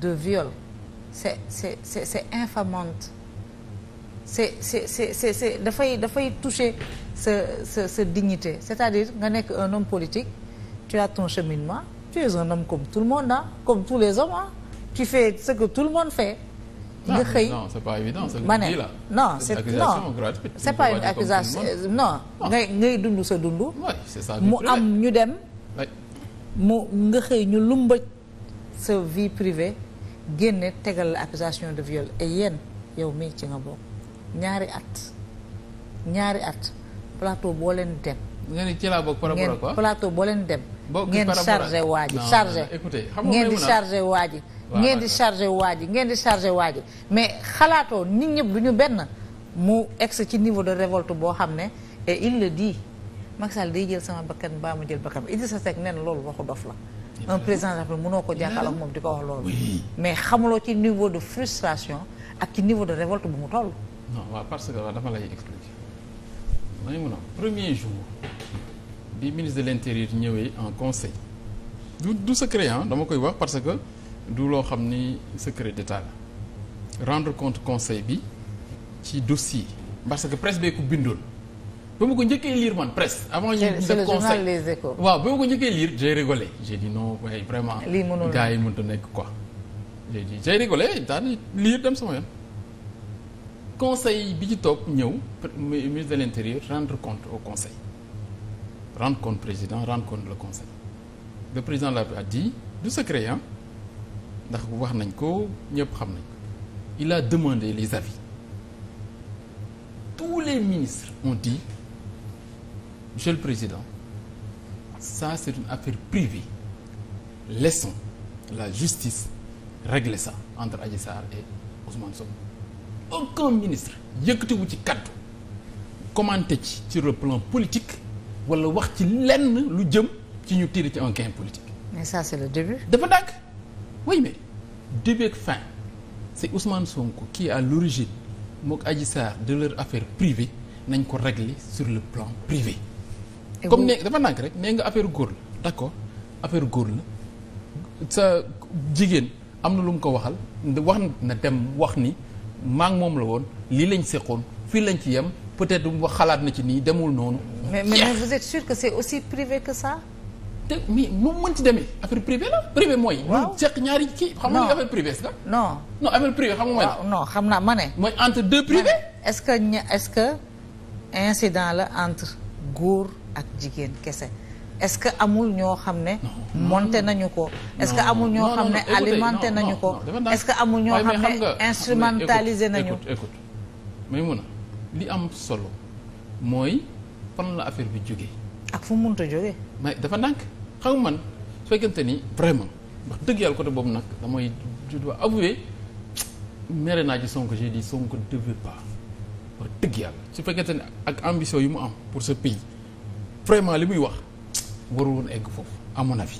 de viol c'est c'est c'est c'est infamante c'est c'est c'est c'est c'est dafay dafay toucher sa sa sa dignité c'est-à-dire nga nekk un homme politique tu as ton cheminement tu es un homme comme tout le monde ah comme tous les hommes ah tu fais ce que tout le monde fait nga xëy non c'est pas évident ma ne non c'est non c'est pas une accusation non ngay ngay dund sa dund mu am ñu dem mu nga xëy ñu lumbaj sa vie privée génne tegal la accusation de viol et yéen yow mii ci nga bokk ñaari at ñaari at plateau boo leen dem. nga ni ci laa bokk par boo leen dem. ngeen chargé waa ji chargé ngeen di chargé waa ji ngeen di chargé waa ji ngeen di chargé waa mais xalaatoo nit ñëpp du ñu benn mu ex ci niveau de révolte boo xam ne et il le dit Macky Sall day jël sama bakkan baa ma jël bakkan a Seck nen loolu waxu dof la un président de la ko jàkkaarloo moom di ko wax loolu. mais xamuloo ci niveau de frustration ak ci niveau de révolte bu mu toll. non waaw parce que waaw dama lay expliquer. may mun a premier jour bi ministre de l'intérieur ñëwee en conseil du du secret ah dama koy wax parce que du loo xam ni secret d'état la rendre compte conseil bi ci dossier parce que presse bee ko bindoon. ba ma ko njëkkee lire man presque. avant ñu def conseil les échos. waaw ko njëkkee lire j'ai rigolé j'ai dit non waaye vraiment. lii mënul yi mënut a nekk quoi. j'ai dit j'ai rigolé daal lire dem sama yoon. conseil bi ci toog ñëw ministre de l'intérieur rendre compte au conseil rendre compte président rendre compte le conseil le président la a dit du secret hein ndax wax nañ ko ñëpp xam nañ ko il a demandé les avis tous les ministres ont dit Monsieur le Président ça c'est une affaire privée laissons la justice régler ça entre Adji Sarr et Ousmane Sonko aucun ministre yëkkatiwu ci kaddu commenté ci sur le plan politique wala wax ci lenn lu jëm ci ñu tiir ci un gain politique. mais ça c'est le début. dafa dàgg oui mais début ak fin c'est Ousmane Sonko qui est à l'origine mook Adji Sarr de leur affaire privée nañ ko régler sur le plan privé. comme ne dafa nànk rek nee nga affaire góor la d'accord affaire góor la sa jigéen am na lu mu ko waxal wax na dem wax ni maa moom la woon lii lañ seqoon fii lañ ci yem peut-être wax xalaat na ci nii demul noonu. mais mais vous êtes sûr que c'est aussi privé que ça. te mais nu mu mënti demee affaire privée la privé mooy. waaw seq ñaari kii. xam nga affaire privée la. non non affaire privée xam nga mooy la. non xam naa ma ne. mooy entre deux privés. est-ce que est-ce que incident la entre góor. ak jigéen kese est-ce que amul ñoo xam ne monté nañu ko est que amul ñoo xam ne alimenté nañu ko est-ce que amul ñoo xam ne instrumentalisé nañu écoute mais mun a li am solo mooy fan la affaire bi jógee ak fu munta jógee mais dafa ndànk xam man fekkente ni vraiment wax dëgg yàlla côté boobu nag damay je dois mere naa ci Sonko j'ai dit Sonko devait dëgg yàlla su fekkente ni ak ambition yu mu am pour sa pays vraiment li muy wax waru woon egg foofu amoon mon avis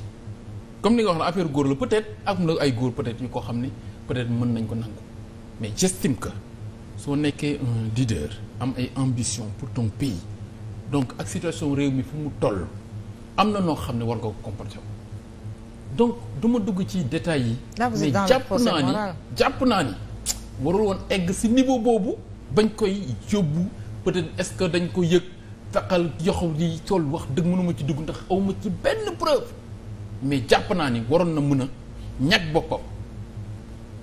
comme ni nga wax na affaire góor la peut-être ak na ay góor peut-être ko xam ne peut-être mën nañ ko nangu mais j'estime que soo nekkee un leader am ay ambition pour ton pays donc ak situation réew mi fu mu toll am na noo xam ne war nga ko comporter donc du ma dugg ci détails yi mais jàpp naa ni jàpp naa ni warul woon egg si niveau boobu bañ koy yóbbu peut-être est-ce que dañ ko yëg taxal jox di tool wax dëgg mënuma ci dugg ndax awma ci benn preuve mais jàpp naa ni waroon na mun a ñag boppam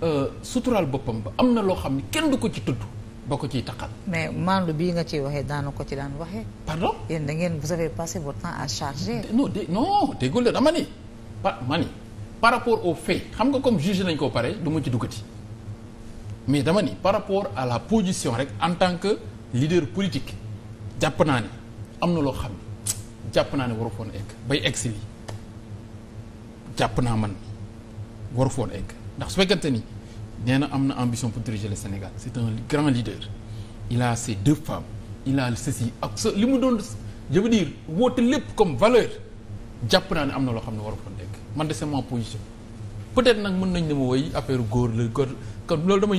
euh, suturaal boppam ba am na loo xam ne kenn du ko ci tudd ba ko ciy taxal. mais maandu bii nga ciy waxee daana ko ci daan waxee. pardon yéen da ngeen vous avez passé votre temps à charger. non de non déggul la dama ni par ma ni par rapport au fait xam nga comme jugé nañ koo pare du ma ci duggati mais dama ni par rapport à la position rek en tant que leader politique. jàpp naa ne am na loo xam ne jàpp naa ne waru foon egg bay egg si lii jàpp naa man waru foon egg ndax su fekkente ni nee na am na ambition pour diriger le Sénégal c'est un grand leader il a deux femmes il a ceci ak sa li mu doon je veux dire woote lépp comme valeur jàpp naa ne am na loo xam ne waru foon egg man de c'est ma position peut nag mën nañ ne ma woy affaire góor la góor loolu damay